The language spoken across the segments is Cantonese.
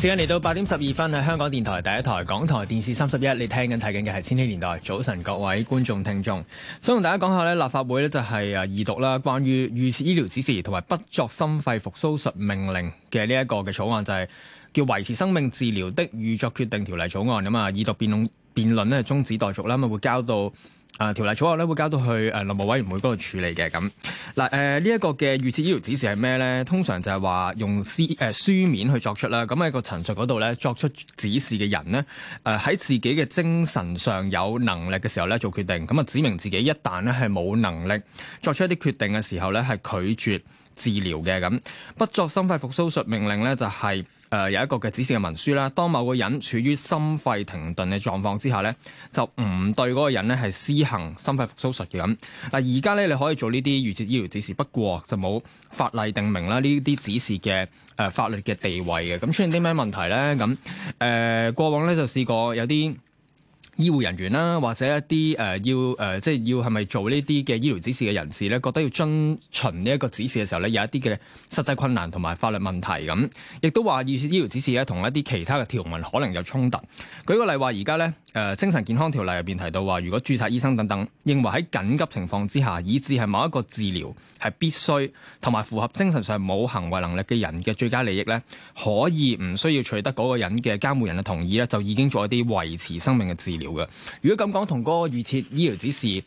時間嚟到八點十二分喺香港電台第一台港台電視三十一，你聽緊睇緊嘅係《千禧年代》早晨，各位觀眾聽眾，想同大家講下咧，立法會咧就係誒二讀啦，關於預設醫療指示同埋不作心肺復甦術命令嘅呢一個嘅草案，就係、是、叫維持生命治療的預作決定條例草案咁啊，二讀辯論辯論咧中止待續啦，咁啊會交到。啊！條例草案咧會交到去誒立法委員會嗰度處理嘅，咁。嗱，誒呢一個嘅預設醫療指示係咩咧？通常就係話用書，呃、書面去作出啦。咁喺個陳述嗰度咧，作出指示嘅人咧誒喺自己嘅精神上有能力嘅時候咧做決定咁啊，就指明自己一旦咧係冇能力作出一啲決定嘅時候咧係拒絕治療嘅。咁不作心肺復甦術命令咧就係、是。誒、呃、有一個嘅指示嘅文書啦，當某個人處於心肺停頓嘅狀況之下咧，就唔對嗰個人咧係施行心肺復甦術嘅咁。嗱而家咧你可以做呢啲預設醫療指示，不過就冇法例定明啦呢啲指示嘅誒、呃、法律嘅地位嘅。咁出現啲咩問題咧？咁誒、呃、過往咧就試過有啲。醫護人員啦，或者一啲誒要誒，即係要係咪做呢啲嘅醫療指示嘅人士咧，覺得要遵循呢一個指示嘅時候咧，有一啲嘅實際困難同埋法律問題咁，亦都話要醫療指示咧，同一啲其他嘅條文可能有衝突。舉個例話，而家咧誒精神健康條例入邊提到話，如果註冊醫生等等認為喺緊急情況之下，以至係某一個治療係必須同埋符合精神上冇行為能力嘅人嘅最佳利益咧，可以唔需要取得嗰個人嘅監護人嘅同意咧，就已經做一啲維持生命嘅治療。如果咁講，同嗰個預設醫療指示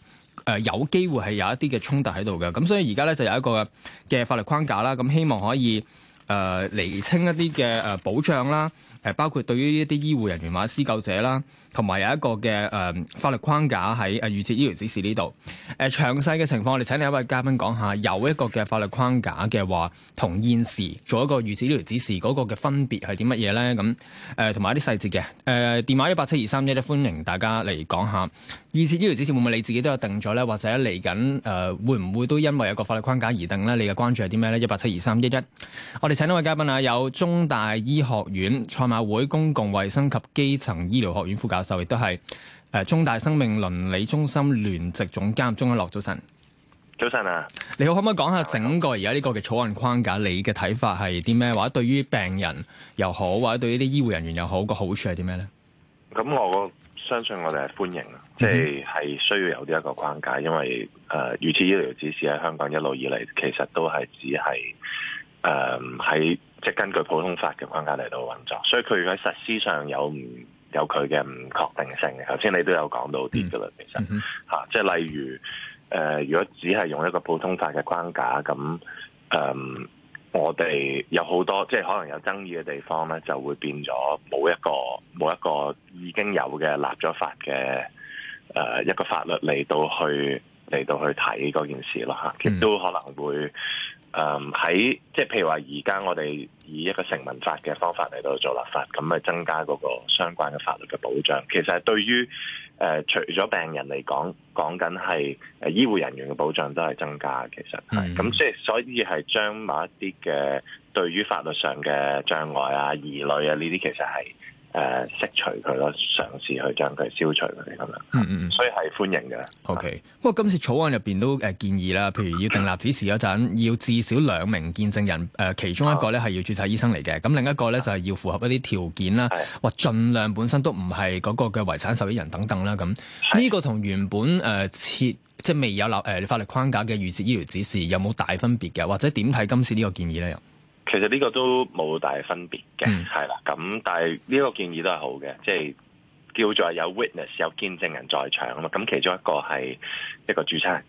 誒有機會係有一啲嘅衝突喺度嘅，咁所以而家咧就有一個嘅法律框架啦，咁希望可以。誒釐、呃、清一啲嘅誒保障啦，誒、呃、包括對於一啲醫護人員或者施救者啦，同埋有一個嘅誒、呃、法律框架喺誒預設醫療指示呢度。誒詳細嘅情況，我哋請另一位嘉賓講下。有一個嘅法律框架嘅話，同現時做一個預設醫療指示嗰個嘅分別係點乜嘢咧？咁誒同埋一啲細節嘅誒電話一八七二三一一歡迎大家嚟講下。預設醫療指示會唔會你自己都有定咗咧？或者嚟緊誒會唔會都因為一個法律框架而定咧？你嘅關注係啲咩咧？一八七二三一一我哋。請呢位嘉賓啊，有中大醫學院賽馬會公共衛生及基層醫療學院副教授，亦都係誒中大生命倫理中心聯席總監鍾一諾早晨。早晨啊，你好，可唔可以講下整個而家呢個嘅草案框架？你嘅睇法係啲咩？或者對於病人又好，或者對於啲醫護人員又好，個好處係啲咩呢？咁我相信我哋係歡迎，即係需要有呢一個框架，因為誒，預設醫療指示喺香港一路以嚟，其實都係只係。誒喺、嗯、即係根據普通法嘅框架嚟到運作，所以佢喺實施上有唔有佢嘅唔確定性嘅，頭先你都有講到啲噶啦，hmm. 其實、啊、即係例如誒、呃，如果只係用一個普通法嘅框架咁，誒、嗯，我哋有好多即係可能有爭議嘅地方咧，就會變咗冇一個冇一個已經有嘅立咗法嘅誒、呃、一個法律嚟到去嚟到去睇嗰件事啦嚇，啊、亦都可能會。Mm hmm. 誒喺即係譬如話，而家我哋以一個成文法嘅方法嚟到做立法，咁咪增加嗰個相關嘅法律嘅保障。其實係對於、呃、除咗病人嚟講，講緊係誒醫護人員嘅保障都係增加。其實係咁，即係、mm. 嗯、所以係將某一啲嘅對於法律上嘅障礙啊、疑慮啊呢啲，其實係。誒，釋、呃、除佢咯，嘗試去將佢消除佢咁樣，嗯嗯嗯，所以係歡迎嘅。O Okay . K，、嗯、不過今次草案入面都建議啦，譬如要訂立指示嗰陣，要至少兩名見證人，呃、其中一個咧係要註冊醫生嚟嘅，咁、嗯、另一個咧、嗯、就係要符合一啲條件啦，嗯、或盡量本身都唔係嗰個嘅遺產受益人等等啦，咁呢個同原本誒設、呃、即係未有立法律框架嘅預設醫療指示有冇大分別嘅？或者點睇今次呢個建議咧？其實呢個都冇大分別嘅，係啦、嗯。咁但係呢個建議都係好嘅，即係叫做有 Witness 有見證人在場啊嘛。咁其中一個係一個主診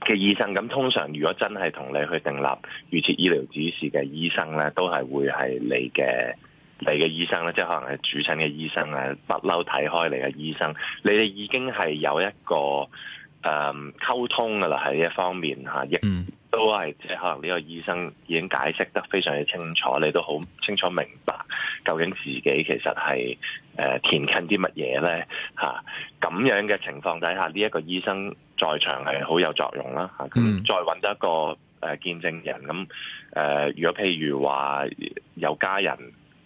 嘅醫生。咁通常如果真係同你去訂立預設醫療指示嘅醫生咧，都係會係你嘅你嘅醫生咧，即係可能係主診嘅醫生啊，不嬲睇開你嘅醫生。你哋已經係有一個誒、嗯、溝通噶啦，喺一方面吓一。啊亦嗯都係即係可能呢個醫生已經解釋得非常之清楚，你都好清楚明白究竟自己其實係誒、呃、填近啲乜嘢咧嚇。咁樣嘅情況底下，呢、這、一個醫生在場係好有作用啦、啊、咁再揾到一個誒、呃、見證人咁、呃、如果譬如話有家人誒、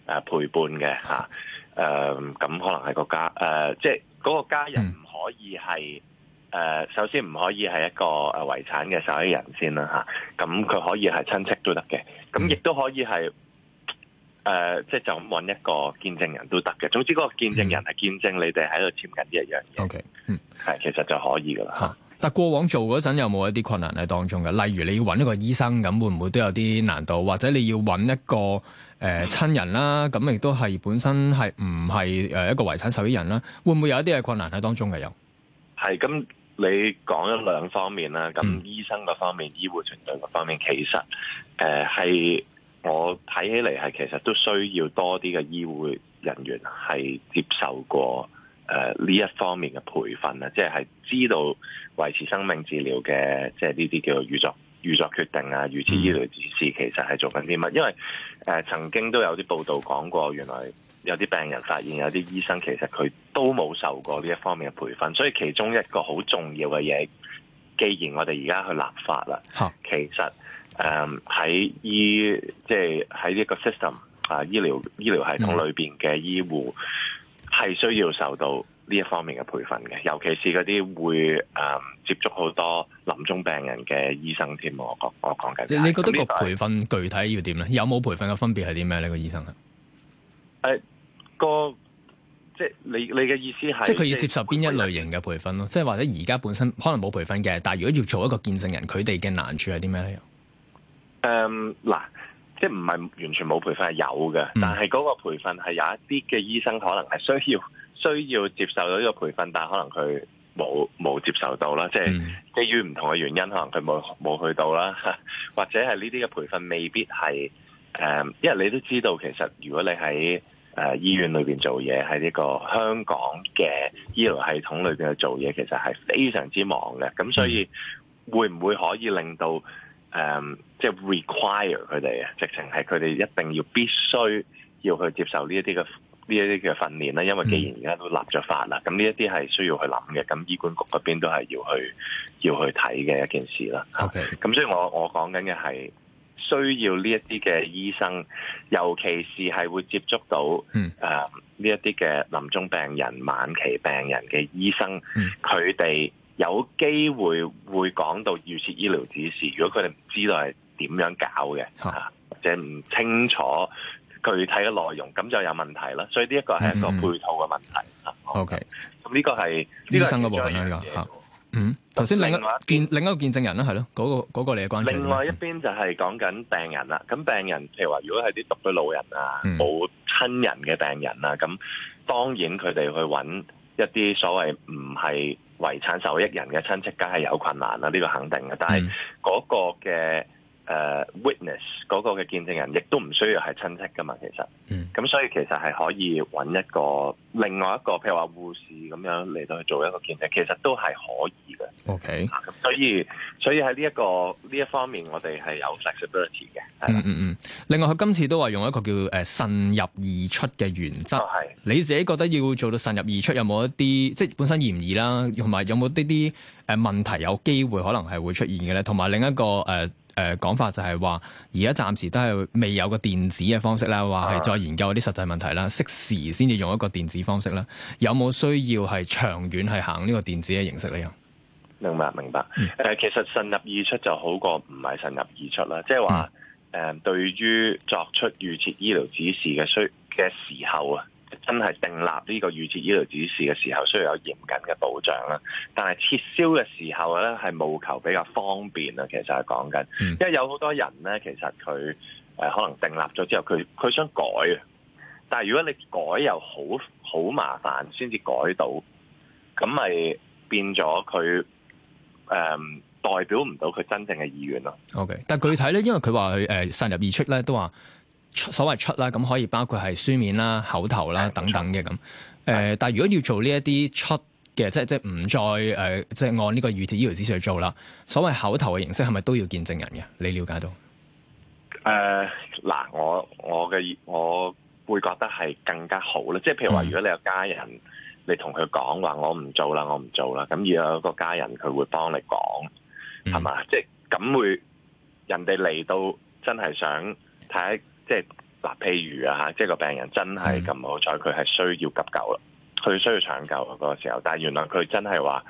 呃、陪伴嘅嚇，咁、啊呃、可能係個家誒、呃，即係嗰個家人唔可以係。嗯誒、呃，首先唔可以係一個誒遺產嘅受益人先啦吓，咁、啊、佢可以係親戚都得嘅，咁亦都可以係誒、嗯呃，即係就揾一個見證人都得嘅。總之嗰個見證人係、嗯、見證你哋喺度簽緊呢一樣嘢。O、okay, K，嗯，係其實就可以㗎啦吓。但過往做嗰陣有冇一啲困難喺當中嘅？例如你要揾一個醫生咁，會唔會都有啲難度？或者你要揾一個誒親、呃、人啦，咁亦都係本身係唔係誒一個遺產受益人啦？嗯、會唔會有一啲係困難喺當中嘅有？係咁。嗯你講咗兩方面啦，咁醫生嗰方面、嗯、醫護團隊嗰方面，其實誒係、呃、我睇起嚟係其實都需要多啲嘅醫護人員係接受過誒呢、呃、一方面嘅培訓啊，即係係知道維持生命治療嘅，即係呢啲叫做預作預作決定啊，預設醫療指示其實係做緊啲乜？因為誒、呃、曾經都有啲報道講過，原來，有啲病人發現有啲醫生其實佢都冇受過呢一方面嘅培訓，所以其中一個好重要嘅嘢，既然我哋而家去立法啦，哈其實誒喺、嗯、醫即係喺呢個 system 啊醫療醫療系統裏邊嘅醫護係需要受到呢一方面嘅培訓嘅，尤其是嗰啲會誒、嗯、接觸好多臨終病人嘅醫生添。我講我講緊，你你覺得呢個培訓具體要點咧？有冇培訓嘅分別係啲咩咧？呢個醫生啊，誒、哎。那個即係你你嘅意思係，即係佢要接受邊一類型嘅培訓咯，即係培訓，或者而家本身可能冇培訓嘅，但係如果要做一個見證人，佢哋嘅難處係啲咩咧？誒、嗯，嗱，即係唔係完全冇培訓係有嘅，但係嗰個培訓係有一啲嘅醫生可能係需要需要接受到呢個培訓，但係可能佢冇冇接受到啦，即係基於唔同嘅原因，可能佢冇冇去到啦，或者係呢啲嘅培訓未必係誒、嗯，因為你都知道，其實如果你喺誒、啊、醫院裏面做嘢，喺呢個香港嘅醫療系統裏面去做嘢，其實係非常之忙嘅。咁所以會唔會可以令到誒，即係 require 佢哋啊？就是、他們直情係佢哋一定要必須要去接受呢一啲嘅呢一啲嘅訓練啦，因為既然而家都立咗法啦，咁呢一啲係需要去諗嘅。咁醫管局嗰邊都係要去要去睇嘅一件事啦。咁 Okay.、啊、所以我我講緊嘅係。需要呢一啲嘅醫生，尤其是係會接觸到誒呢一啲嘅臨終病人，晚期病人嘅醫生，佢哋、嗯、有機會會講到預設醫療指示。如果佢哋唔知道係點樣搞嘅，啊、或者唔清楚具體嘅內容，咁就有問題啦。所以呢一個係一個配套嘅問題。O K，咁呢個係醫生嗰部分嗯，頭先另一見另一個見證人啦，係咯，嗰、嗰個嗰個你嘅關注。另外一邊就係講緊病人啦，咁病人譬如話，如果係啲獨居老人啊，冇、嗯、親人嘅病人啊，咁當然佢哋去揾一啲所謂唔係遺產受益人嘅親戚，梗係有困難啦，呢、呢個肯定嘅。但係嗰個嘅。Uh, Witness 嗰個嘅見證人，亦都唔需要係親戚噶嘛。其實，咁、mm. 所以其實係可以揾一個另外一個，譬如話護士咁樣嚟到去做一個見證，其實都係可以嘅。OK、啊、所以所以喺呢一個呢一方面我，我哋係有 flexibility 嘅。嗯、hmm. 嗯吧。另外，佢今次都話用一個叫誒、啊、慎入而出嘅原則。Oh, yes. 你自己覺得要做到慎入而出有有，有冇一啲即係本身疑疑啦？同埋有冇呢啲誒問題？有機會可能係會出現嘅咧。同埋另一個、啊誒講、呃、法就係話，而家暫時都係未有個電子嘅方式啦，話係再研究啲實際問題啦，適時先至用一個電子方式啦。有冇需要係長遠係行呢個電子嘅形式呢？啊，明白明白。誒、嗯呃，其實順入而出就好過唔係順入而出啦。即係話誒，對於作出預設醫療指示嘅需嘅時候啊。真係訂立呢個預設醫療指示嘅時候，需要有嚴謹嘅保障啦。但係撤銷嘅時候咧，係務求比較方便啊。其實係講緊，因為有好多人咧，其實佢可能訂立咗之後，佢佢想改，但係如果你改又好好麻煩，先至改到，咁咪變咗佢、呃、代表唔到佢真正嘅意願咯。OK，但具體咧，因為佢話佢散深入而出咧，都話。所謂出啦，咁可以包括係書面啦、口頭啦等等嘅咁。誒，但係如果要做呢一啲出嘅，即係即係唔再誒，即係、呃、按呢個預設要求去做啦。所謂口頭嘅形式係咪都要見證人嘅？你了解到？誒嗱、呃，我我嘅我會覺得係更加好啦。即係譬如話，如果你有家人，嗯、你同佢講話，我唔做啦，我唔做啦。咁如果有個家人，佢會幫你講係嘛？即係咁會人哋嚟到真係想睇。即係嗱，譬如啊，吓，即係個病人真係咁好彩，佢係需要急救啦，佢需要搶救嗰個時候。但係原來佢真係話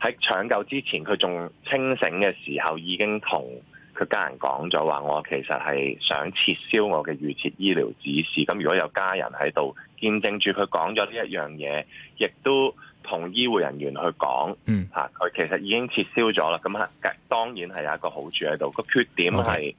喺搶救之前，佢仲清醒嘅時候，已經同佢家人講咗話，我其實係想撤銷我嘅預設醫療指示。咁如果有家人喺度見證住佢講咗呢一樣嘢，亦都同醫護人員去講，吓，嗯，佢其實已經撤銷咗啦。咁啊，當然係有一個好處喺度，個缺點係。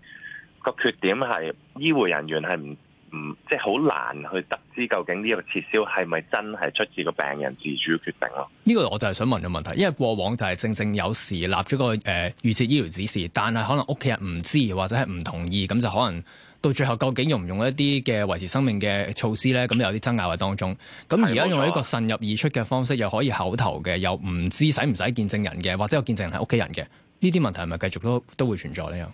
個缺點係，醫護人員係唔、唔即係好難去得知，究竟呢個撤銷係咪真係出自個病人自主決定咯？呢個我就係想問個問題，因為過往就係正正有時立咗個誒，預設醫療指示，但係可能屋企人唔知或者係唔同意，咁就可能到最後究竟用唔用一啲嘅維持生命嘅措施咧？咁有啲爭拗喺當中。咁而家用一個慎入而出嘅方式，又可以口頭嘅，又唔知使唔使見證人嘅，或者有見證人係屋企人嘅，呢啲問題係咪繼續都都會存在咧？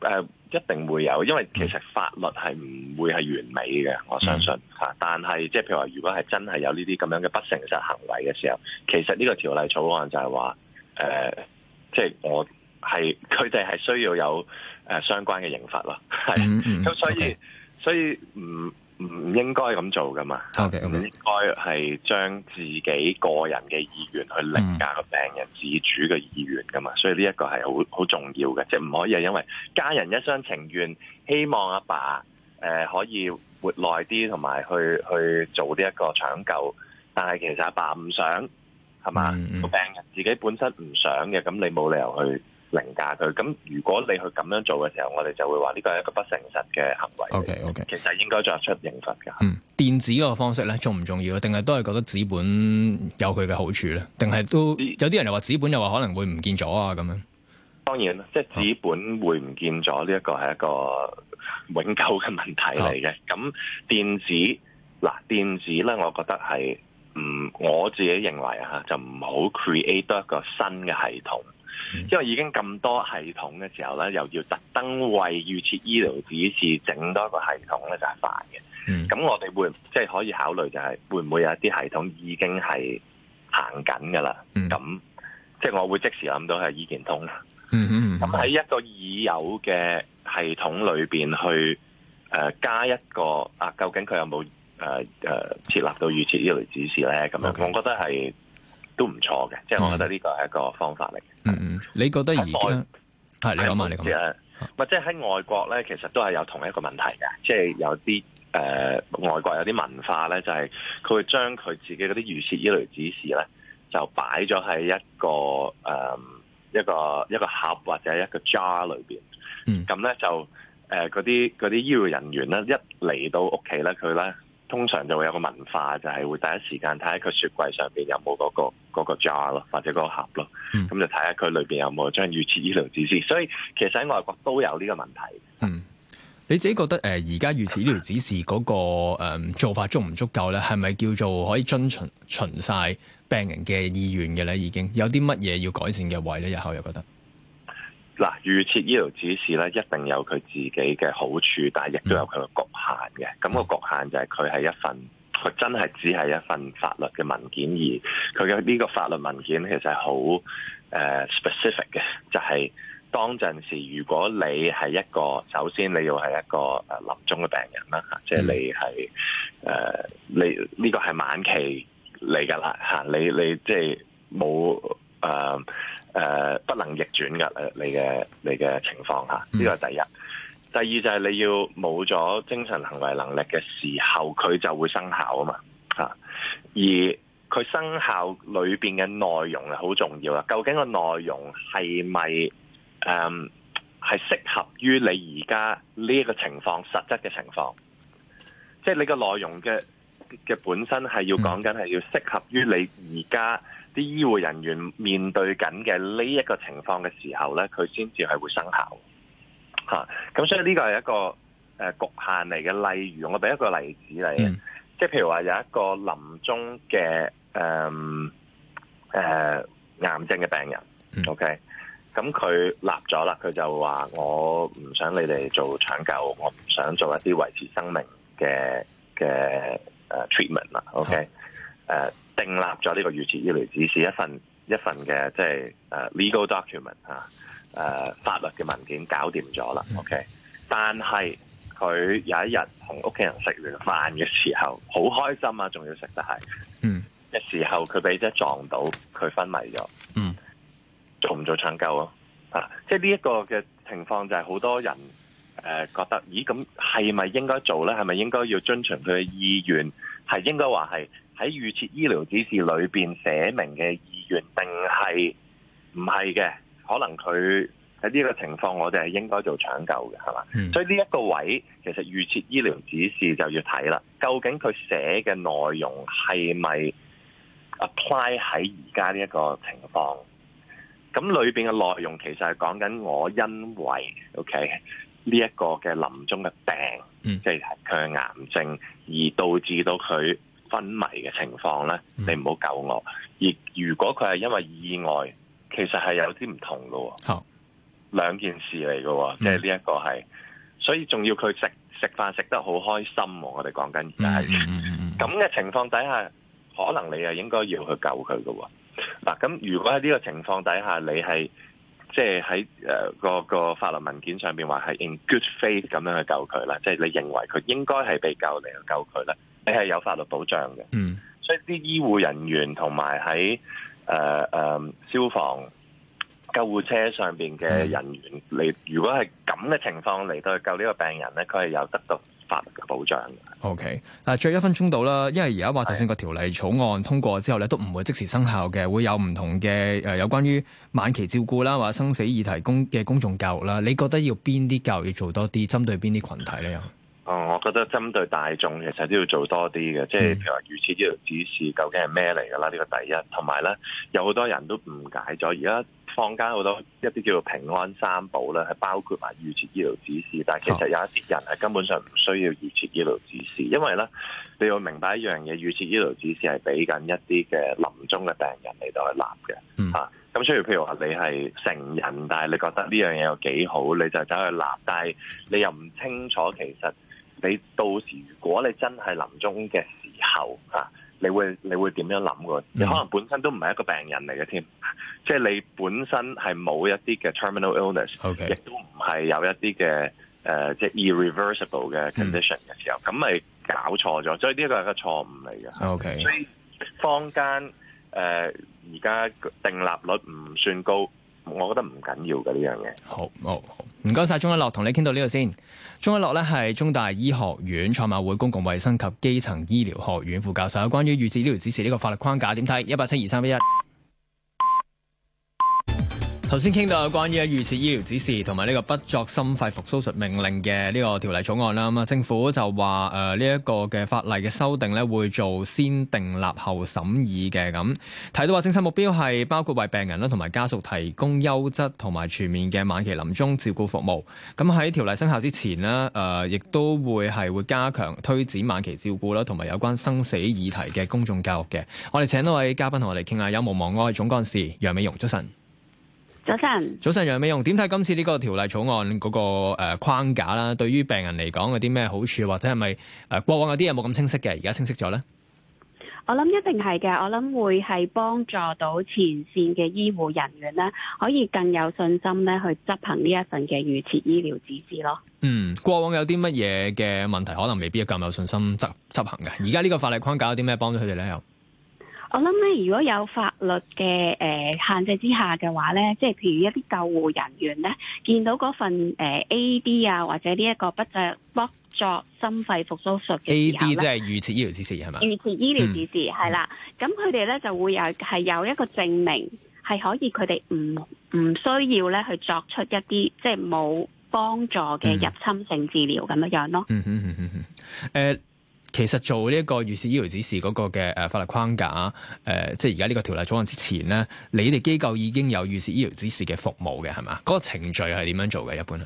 誒、呃、一定會有，因為其實法律係唔會係完美嘅，我相信吓。嗯、但係即係譬如話，如果係真係有呢啲咁樣嘅不誠實行為嘅時候，其實呢個條例草案就係話誒，即係我係佢哋係需要有誒、呃、相關嘅刑罰咯。係咁，嗯嗯、 所以 okay. 所以唔。呃唔應該咁做噶嘛？Okay, okay. 唔應該係將自己個人嘅意願去凌駕個病人自主嘅意願噶嘛？Mm hmm. 所以呢一個係好好重要嘅，即係唔可以係因為家人一廂情願，希望阿爸誒、呃、可以活耐啲，同埋去去做呢一個搶救，但係其實阿爸唔想，係嘛？個、mm hmm. 病人自己本身唔想嘅，咁你冇理由去。凌駕佢，咁如果你去咁樣做嘅時候，我哋就會話呢個係一個不誠實嘅行為。O K O K，其實應該作出懲罰噶。嗯，電子個方式咧重唔重要？定係都係覺得紙本有佢嘅好處咧？定係都有啲人又話紙本又話可能會唔見咗啊咁樣。當然啦，即係紙本會唔見咗呢一個係一個永久嘅問題嚟嘅。咁、啊、電子嗱，電子咧，我覺得係嗯，我自己認為啊，就唔好 create 多一個新嘅系統。因為已經咁多系統嘅時候咧，又要特登為預設醫療指示整多個系統咧、嗯，就係煩嘅。咁我哋會即係可以考慮，就係會唔會有一啲系統已經係行緊噶啦？咁、嗯、即係我會即時諗到係醫健通啦。咁喺、嗯嗯、一個已有嘅系統裏邊去誒、呃、加一個啊，究竟佢有冇誒誒設立到預設醫療指示咧？咁樣我覺得係。Okay. 都唔錯嘅，即係我覺得呢個係一個方法嚟嘅。嗯嗯，你覺得而家係你講啊？唔係即係喺外國咧，其實都係有同一個問題嘅，即係有啲、呃、外國有啲文化咧，就係佢會將佢自己嗰啲預設依類指示預設醫療指示咧，就擺咗喺一個誒、呃、一個一個盒或者一個 jar 裏面。嗯，咁咧就誒嗰啲啲醫療人員咧，一嚟到屋企咧，佢咧。通常就會有個文化，就係會第一時間睇下佢雪櫃上邊有冇嗰個嗰個 jar 咯，或者嗰個盒咯，咁就睇下佢裏邊有冇張預設醫療指示。所以其實喺外國都有呢個問題。嗯，你自己覺得誒而家預設醫療指示嗰個誒做法足唔足夠咧？係咪叫做可以遵循循晒病人嘅意願嘅咧？已經有啲乜嘢要改善嘅位咧？日後又覺得？嗱，預設醫療指示咧，一定有佢自己嘅好處，但係亦都有佢嘅局限嘅。咁個局限就係佢係一份，佢真係只係一份法律嘅文件，而佢嘅呢個法律文件其實係好 specific 嘅，就係當陣時如果你係一個，首先你要係一個誒臨終嘅病人啦，嚇即係你係誒、呃、你呢個係晚期嚟噶啦，嚇你你即係冇誒。呃誒、呃，不能逆轉嘅你嘅你嘅情況吓，呢個係第一。嗯、第二就係你要冇咗精神行為能力嘅時候，佢就會生效嘛啊嘛吓。而佢生效裏邊嘅內容啊，好重要啊。究竟個內容係咪誒，係、嗯、適合於你而家呢一個情況實質嘅情況？即、就、係、是、你個內容嘅嘅本身係要講緊，係要適合於你而家。啲醫護人員面對緊嘅呢一個情況嘅時候咧，佢先至係會生效嚇。咁、啊、所以呢個係一個誒侷、呃、限嚟嘅。例如，我俾一個例子嚟啊，即係、嗯、譬如話有一個臨終嘅誒誒癌症嘅病人、嗯、，OK，咁、嗯、佢立咗啦，佢就話我唔想你哋做搶救，我唔想做一啲維持生命嘅嘅誒 treatment 啦，OK，誒、嗯。呃訂立咗呢個預設醫療指示一份一份嘅即係 legal document 嚇、uh, 誒法律嘅文件搞掂咗啦，OK。Mm. 但係佢有一日同屋企人食完飯嘅時候，好開心啊，仲要食，得係嘅時候佢俾人撞到，佢昏迷咗。嗯、mm.，做唔做搶救啊？嚇，即係呢一個嘅情況就係好多人誒、uh, 覺得，咦？咁係咪應該做咧？係咪應該要遵循佢嘅意願？係應該話係。喺預設醫療指示裏邊寫明嘅意願，定係唔係嘅？可能佢喺呢個情況，我哋係應該做搶救嘅，係嘛？Hmm. 所以呢一個位，其實預設醫療指示就要睇啦，究竟佢寫嘅內容係咪 apply 喺而家呢一個情況？咁裏邊嘅內容其實係講緊我因為 OK 呢一個嘅臨終嘅病，即係佢嘅癌症，而導致到佢，昏迷嘅情況咧，你唔好救我。而如果佢係因為意外，其實係有啲唔同噶，oh. 兩件事嚟噶，mm. 即係呢一個係。所以仲要佢食食飯食得好開心，啊，我哋講緊而家係咁嘅情況底下，可能你又應該要去救佢噶。嗱、啊，咁如果喺呢個情況底下，你係即係喺誒個、嗰個法律文件上邊話係 in good faith 咁樣去救佢啦，即係你認為佢應該係被救嚟去救佢啦。你係有法律保障嘅，嗯、所以啲醫護人員同埋喺誒誒消防救護車上邊嘅人員嚟，嗯、如果係咁嘅情況嚟到去救呢個病人咧，佢係有得到法律嘅保障嘅。Okay. 最後一分鐘到啦，因為而家話，就算個條例草案通過之後咧，是的 都唔會即時生效嘅，會有唔同嘅誒，有關於晚期照顧啦，或者生死議題公嘅公眾教育啦，你覺得要邊啲教育要做多啲，針對邊啲群體咧？Oh, 我覺得針對大眾其實都要做多啲嘅，即係譬如話預設醫療指示究竟係咩嚟㗎啦？呢、這個第一，同埋呢有好多人都誤解咗。而家坊間好多一啲叫做平安三寶啦，係包括埋預設醫療指示，但係其實有一啲人係根本上唔需要預設醫療指示，因為呢，你要明白一樣嘢，預設醫療指示係俾緊一啲嘅臨終嘅病人嚟到去立嘅嚇。咁、嗯啊、所以譬如話你係成人，但係你覺得呢樣嘢又幾好，你就走去立，但係你又唔清楚其實。你到時如果你真係臨終嘅時候，你會你會點樣諗嘅？你可能本身都唔係一個病人嚟嘅添，即係你本身係冇一啲嘅 terminal illness，亦都唔係有一啲嘅 Okay.、呃、即係 irreversible 嘅 condition 嘅時候，咁咪、嗯、搞錯咗，所以呢個係一個錯誤嚟嘅。Okay. 所以坊間誒而家定立率唔算高。我覺得唔緊要嘅呢樣嘢。好，唔該晒。鍾一諾同你傾到呢度先。鍾一諾咧係中大醫學院賽馬會公共衛生及基層醫療學院副教授，關於預設醫療指示呢個法律框架點睇？一八七二三一一。頭先傾到有關於預設醫療指示同埋呢個不作心肺復蘇術命令嘅呢個條例草案啦。咁啊，政府就話誒呢一個嘅法例嘅修訂咧，會做先訂立後審議嘅。咁睇到話政策目標係包括為病人啦同埋家屬提供優質同埋全面嘅晚期臨終照顧服務。咁喺條例生效之前呢，誒、呃，亦都會係會加強推展晚期照顧啦，同埋有關生死議題嘅公眾教育嘅。我哋請呢位嘉賓同我哋傾下，有毋忘愛總幹事楊美蓉，早晨。出神早晨，早晨，楊美蓉，點睇今次呢個條例草案嗰個誒框架啦？對於病人嚟講，有啲咩好處，或者係咪誒過往有啲嘢冇咁清晰嘅？而家清晰咗咧？我諗一定係嘅，我諗會係幫助到前線嘅醫護人員咧，可以更有信心咧去執行呢一份嘅預設醫療指示咯。嗯，過往有啲乜嘢嘅問題，可能未必咁有，有信心執執行嘅。而家呢個法例框架有啲咩幫咗佢哋咧？又？我諗咧，如果有法律嘅誒、呃、限制之下嘅話咧，即係譬如一啲救護人員咧，見到嗰份誒、呃、A. D. 啊，或者呢一個不作不作心肺復甦術嘅 A. D.，即係預設醫療指示係嘛？預設醫療指示係啦，咁佢哋咧就會有係有一個證明，係可以佢哋唔唔需要咧去作出一啲即係冇幫助嘅入侵性治療咁樣樣咯。嗯嗯嗯嗯，嗯，嗯、呃其實做呢一個預設醫療指示嗰個嘅誒法律框架，誒、呃、即係而家呢個條例草案之前咧，你哋機構已經有預設醫療指示嘅服務嘅係嘛？嗰、那個程序係點樣做嘅一般？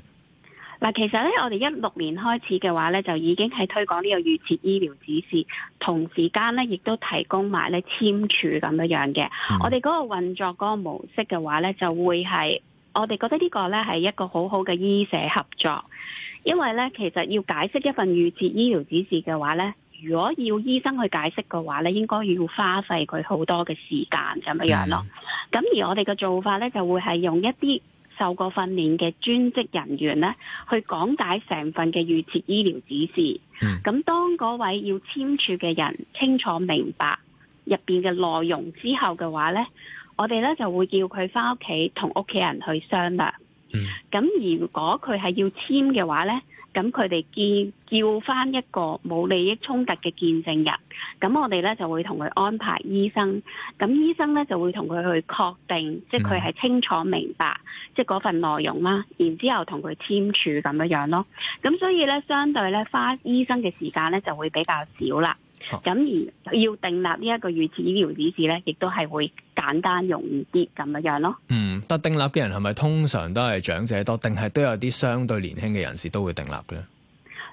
嗱，其實咧，我哋一六年開始嘅話咧，就已經係推廣呢個預設醫療指示，同時間咧亦都提供埋咧簽署咁樣樣嘅。我哋嗰個運作嗰個模式嘅話咧，就會係。我哋覺得呢個呢係一個好好嘅醫社合作，因為呢，其實要解釋一份預設醫療指示嘅話呢，如果要醫生去解釋嘅話呢，應該要花費佢好多嘅時間咁樣咯。咁、嗯、而我哋嘅做法呢，就會係用一啲受過訓練嘅專職人員呢，去講解成份嘅預設醫療指示。咁、嗯、當嗰位要簽署嘅人清楚明白入面嘅內容之後嘅話呢，我哋咧就會叫佢翻屋企同屋企人去商量。咁如果佢係要簽嘅話咧，咁佢哋叫翻一個冇利益衝突嘅見證人。咁我哋咧就會同佢安排醫生。咁醫生咧就會同佢去確定，嗯、即係佢係清楚明白即係嗰份內容啦。然之後同佢簽署咁樣囉。咯。咁所以咧，相對咧花醫生嘅時間咧就會比較少啦。咁、嗯、而要訂立呢一個預設醫療指示咧，亦都係會簡單容易啲咁樣咯。嗯，得訂立嘅人係咪通常都係長者多，定係都有啲相對年輕嘅人士都會訂立嘅？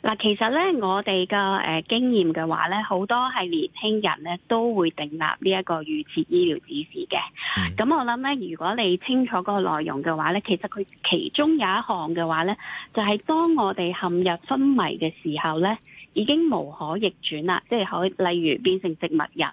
嗱，其實咧，我哋嘅誒經驗嘅話咧，好多係年輕人咧都會訂立呢一個預設醫療指示嘅。咁、嗯、我諗咧，如果你清楚嗰個內容嘅話咧，其實佢其中有一項嘅話咧，就係、是、當我哋陷入昏迷嘅時候咧。已經無可逆轉啦，即係可例如變成植物人，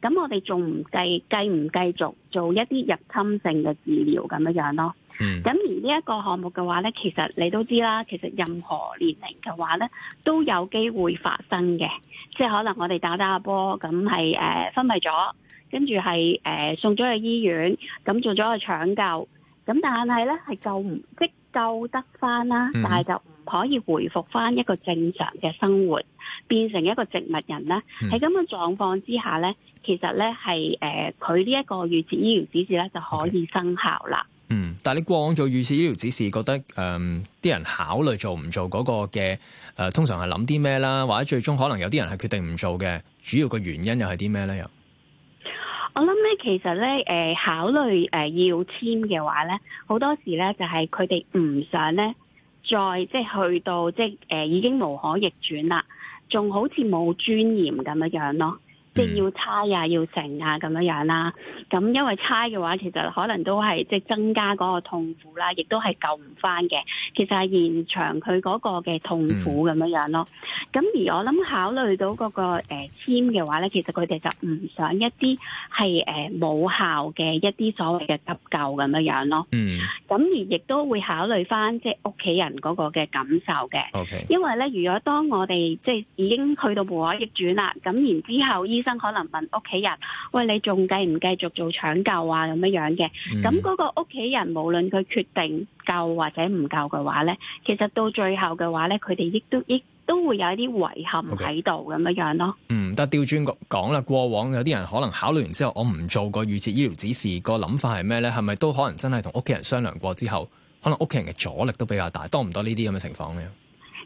咁我哋仲唔繼繼唔繼續做一啲入侵性嘅治療咁樣囉。咯，嗯，咁而呢一個項目嘅話咧，其實你都知啦，其實任何年齡嘅話咧都有機會發生嘅，即係可能我哋打打下波，咁係誒昏迷咗，跟住係誒送咗去醫院，咁做咗個搶救，咁但係咧係救唔即係救得翻啦，但係就。可以回復翻一個正常嘅生活，變成一個植物人啦。喺咁嘅狀況之下咧，其實咧係誒佢呢一個預設醫療指示咧就可以生效啦。嗯，但係你過往做預設醫療指示，覺得誒啲、呃、人考慮做唔做嗰個嘅誒、呃，通常係諗啲咩啦？或者最終可能有啲人係決定唔做嘅，主要嘅原因又係啲咩咧？又我諗咧，其實咧誒、呃，考慮誒要簽嘅話咧，好多時咧就係佢哋唔想咧。再即係去到即係誒、呃、已經無可逆轉啦，仲好似冇尊嚴咁樣樣咯。即、嗯、要差呀，要成啊咁樣樣啦。咁因為差嘅話其實可能都係即係增加嗰個痛苦啦，亦都係救唔翻嘅。其實係延長佢嗰個嘅痛苦咁樣樣咯。咁、嗯、而我諗考慮到嗰、那個誒、呃、簽嘅話咧，其實佢哋就唔想一啲係誒冇效嘅一啲所謂嘅急救咁樣樣咯。嗯。咁而亦都會考慮翻即係屋企人嗰個嘅感受嘅。O K。因為咧，如果當我哋即係已經去到無可逆轉啦，咁然之後。醫生可能問屋企人：喂，你仲繼唔繼續做搶救啊？咁樣樣嘅，咁嗰個屋企人無論佢決定救或者唔救嘅話咧，其實到最後嘅話咧，佢哋亦都亦都會有一啲遺憾喺度咁樣樣咯。得、okay。嗯、掉轉講啦，過往有啲人可能考慮完之後，我唔做個預設醫療指示，個諗法係咩咧？係咪都可能真係同屋企人商量過之後，可能屋企人嘅阻力都比較大，多唔多呢啲咁嘅情況咧？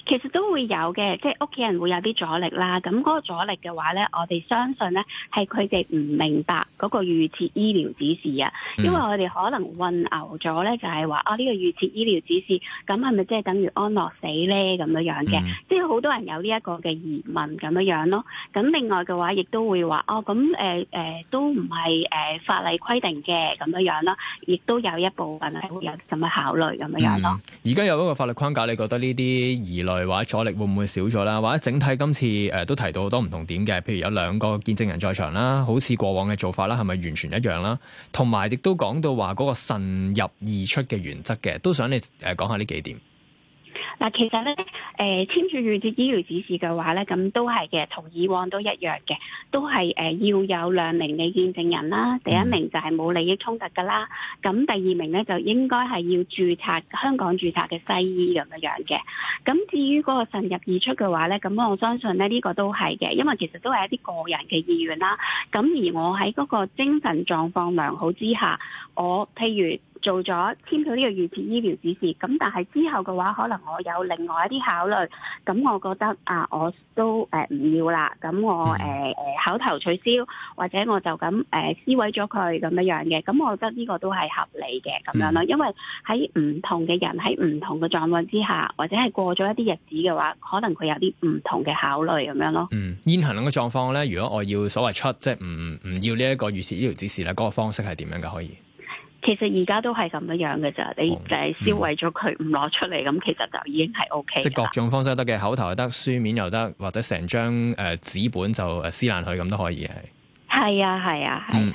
其實都會有嘅，即係屋企人會有啲阻力啦。咁嗰個阻力嘅話咧，我哋相信咧係佢哋唔明白嗰個預設醫療指示啊。嗯、因為我哋可能混淆咗咧，就係話啊呢、呢個預設醫療指示，咁係咪即係等於安樂死咧咁樣樣嘅？嗯、即係好多人有呢一個嘅疑問咁樣囉，咯。咁另外嘅話，亦都會話哦咁誒、呃呃、都唔係、呃、法例規定嘅咁樣囉，亦都有一部分係會有咁樣考慮咁樣囉，咯、嗯。而家有嗰個法律框架，你覺得呢啲疑慮？或者阻力會唔會少咗啦？或者整體今次誒、呃、都提到好多唔同點嘅，譬如有兩個見證人在場啦，好似過往嘅做法啦，係咪完全一樣啦？同埋亦都講到話嗰個慎入易出嘅原則嘅，都想你誒講、呃、下呢幾點。嗱，其實咧，誒、呃、簽署預設醫療指示嘅話咧，咁都係嘅，同以往都一樣嘅，都係誒、呃、要有兩名嘅見證人啦，第一名就係冇利益衝突噶啦，咁第二名咧就應該係要註冊香港註冊嘅西醫咁樣樣嘅。咁至於嗰個進入而出嘅話咧，咁我相信咧呢、這個都係嘅，因為其實都係一啲個人嘅意願啦。咁而我喺嗰個精神狀況良好之下，我譬如。做咗簽咗呢個預設醫療指示，咁但係之後嘅話，可能我有另外一啲考慮，咁我覺得啊，我都誒唔、呃、要啦，咁我誒誒、嗯呃、口頭取消，或者我就咁誒撕毀咗佢咁樣樣嘅，咁我覺得呢個都係合理嘅咁樣咯。因為喺唔同嘅人喺唔同嘅狀況之下，或者係過咗一啲日子嘅話，可能佢有啲唔同嘅考慮咁樣咯。嗯，現行嘅狀況咧，如果我要所謂出即係唔唔要呢一個預設醫療指示咧，嗰、那個方式係點樣嘅？可以？其實而家都係咁樣樣嘅咋，你誒銷毀咗佢唔攞出嚟，咁、嗯、其實就已經係 O K，即係各種方式得嘅，口頭又得，書面又得，或者成張誒紙本就誒撕爛佢，咁都可以係。係啊，係啊，嗯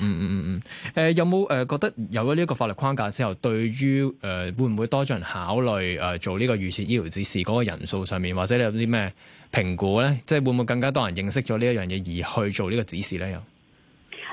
嗯嗯嗯嗯，誒、嗯嗯嗯呃、有冇誒、呃、覺得有咗呢一個法律框架之後，對於誒、呃、會唔會多咗人考慮誒、呃、做呢個預設醫療指示嗰個人數上面，或者你有啲咩評估咧？即係會唔會更加多人認識咗呢一樣嘢而去做呢個指示咧？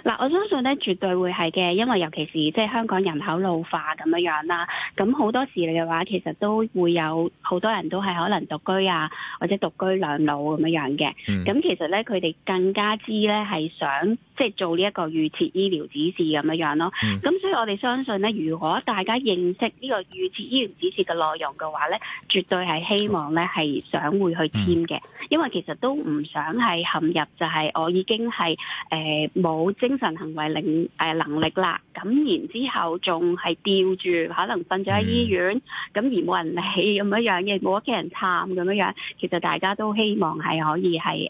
嗱，我相信咧，絕對會係嘅，因為尤其是即係香港人口老化咁樣啦，咁好多時嚟嘅話，其實都會有好多人都係可能獨居啊，或者獨居兩老咁樣嘅。咁、嗯、其實咧，佢哋更加知咧係想即係做呢一個預設醫療指示咁樣囉。咯。咁所以我哋相信咧，如果大家認識呢個預設醫療指示嘅內容嘅話咧，絕對係希望咧係想會去簽嘅，嗯、因為其實都唔想係陷入就係我已經係誒冇即。呃精神行為能誒能力啦，咁然之後仲係吊住，可能瞓咗喺醫院，咁、嗯、而冇人理咁樣樣嘅，冇屋企人探咁樣樣。其實大家都希望係可以係誒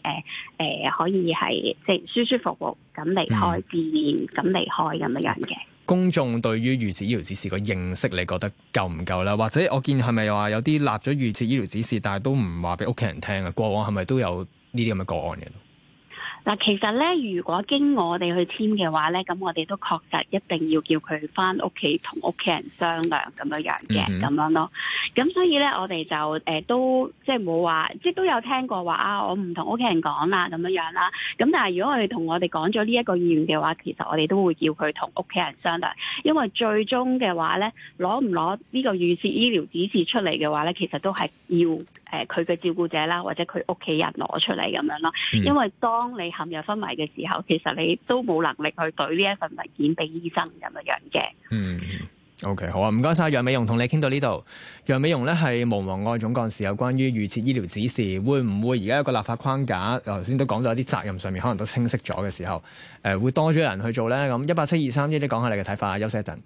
誒，可以係即係舒舒服服咁離開，自然咁離開咁樣樣嘅。公眾對於預設醫療指示個認識，你覺得夠唔夠啦？或者我見係咪話有啲立咗預設醫療指示，但係都唔話俾屋企人聽啊？過往係咪都有呢啲咁嘅個案嘅？嗱，但其實咧，如果經我哋去簽嘅話咧，咁我哋都確實一定要叫佢翻屋企同屋企人商量咁樣、mm hmm. 樣嘅，咁樣咯。咁所以咧，我哋就誒、呃、都即係冇話，即係都有聽過話啊，我唔同屋企人講啦，咁樣樣啦。咁但係如果我哋同我哋講咗呢一個意願嘅話，其實我哋都會叫佢同屋企人商量，因為最終嘅話咧，攞唔攞呢個預設醫療指示出嚟嘅話咧，其實都係要。誒佢嘅照顧者啦，或者佢屋企人攞出嚟咁樣咯。因為當你陷入昏迷嘅時候，其實你都冇能力去攰呢一份文件俾醫生咁樣樣嘅。嗯，OK，好啊，唔該晒。楊美蓉，同你傾到呢度。楊美蓉呢，係毋忘愛總幹事，有關於預設醫療指示會唔會而家有個立法框架，頭先都講咗一啲責任上面可能都清晰咗嘅時候，誒會多咗人去做呢？咁一八七二三一，你講下你嘅睇法，休息一陣。